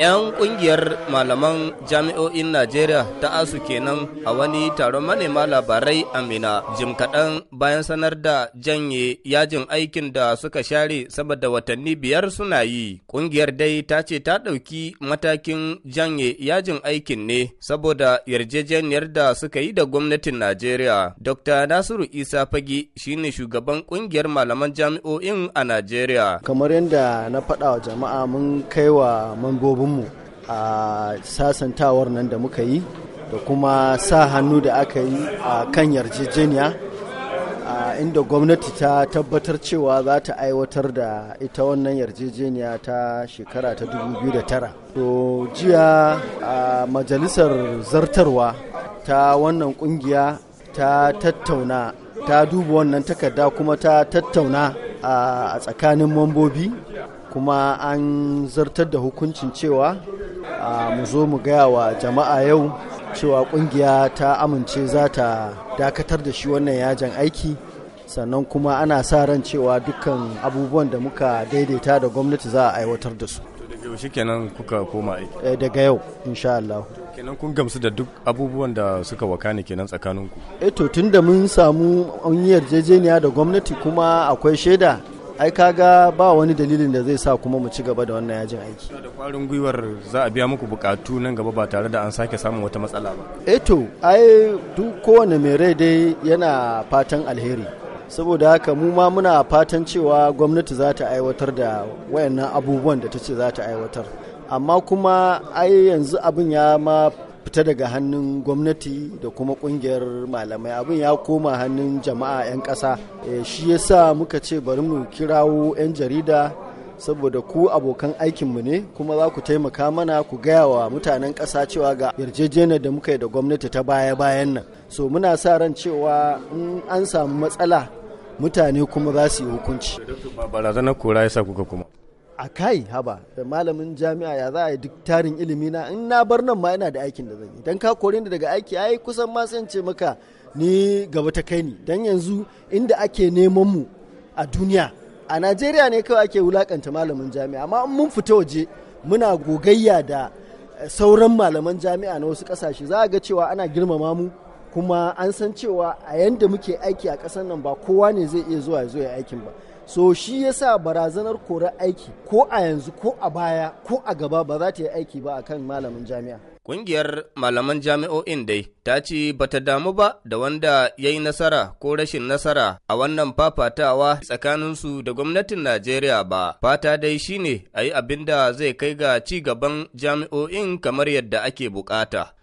'yan kungiyar malaman jami'o'in najeriya ta asu kenan a wani taron manema labarai amina jim kaɗan bayan sanar da janye yajin aikin da suka share saboda watanni biyar suna yi kungiyar dai ta ce ta ɗauki matakin janye yajin aikin ne saboda yarjejeniyar da suka yi da gwamnatin najeriya dr nasiru isa fagi shine shugaban kungiyar malaman jami'o'in a najeriya kamar yadda na faɗa wa jama'a mun kai wa mangobin mu a sasantawar nan da muka yi da kuma sa hannu da aka yi a kan yarjejeniya inda gwamnati ta tabbatar cewa za ta aiwatar da ita wannan yarjejeniya ta shekara ta 2009 to jiya a majalisar zartarwa ta wannan kungiya ta tattauna ta duba wannan takarda kuma ta tattauna a tsakanin mambobi kuma an zartar da hukuncin cewa mu zo mu gaya wa jama'a yau cewa kungiya ta amince za ta dakatar da shi wannan yajin aiki sannan kuma ana sa ran cewa dukkan abubuwan da muka daidaita da gwamnati za a aiwatar da su yaushe kenan kuka koma aiki eh daga yau insha Allah kenan kun gamsu da duk abubuwan da suka waka ne kenan tsakaninku eh to da mun samu an jejeniya da gwamnati kuma akwai shaida ai kaga ba wani dalilin da zai sa kuma mu ci gaba da wannan yajin aiki da kwarin gwiwar za a biya muku bukatu nan gaba ba tare da an sake samun wata matsala ba eh to ai duk kowane mai rai dai yana fatan alheri saboda haka mu ma muna fatan cewa gwamnati za ta aiwatar da wayannan abubuwan da ta ce za ta aiwatar amma kuma ai yanzu abin ya ma fita daga hannun gwamnati da kuma kungiyar malamai abin ya koma hannun jama'a 'yan ƙasa eh, shi yasa muka ce bari mu kirawo 'yan jarida saboda ku abokan aikinmu ne kuma za ku taimaka mana ku gaya wa mutanen ƙasa cewa ga yarjejeniyar da muka yi da gwamnati ta baya-bayan nan so muna sa ran cewa in an samu matsala mutane kuma za su yi hukunci barazanar kora sa kuka kuma a kai haba da malamin jami'a ya za a yi duk tarin ilimi na in na bar nan ma ina da aikin da zan yi dan ka kore ni daga aiki ai kusan ma sai ce maka ni gaba ta kai ni dan yanzu inda ake neman mu a duniya a Najeriya ne kawai ake wulakanta malamin jami'a amma in mun fita waje muna gogayya da sauran malaman jami'a na wasu kasashe za a ga cewa ana girmama mu kuma an san cewa a yadda muke aiki a ƙasar nan ba kowa ne zai iya zuwa zuwa aikin ba so shi yasa barazanar kore aiki ko a yanzu ko a baya ko a gaba ba za ta yi aiki ba a kan malamin jami'a Ƙungiyar malaman jami'o'in dai ta ce ba ta damu ba da wanda ya yi nasara ko rashin nasara a wannan fafatawa tsakaninsu da gwamnatin Najeriya ba. Fata dai shine a yi abin da zai kai ga ci gaban jami'o'in kamar yadda ake bukata.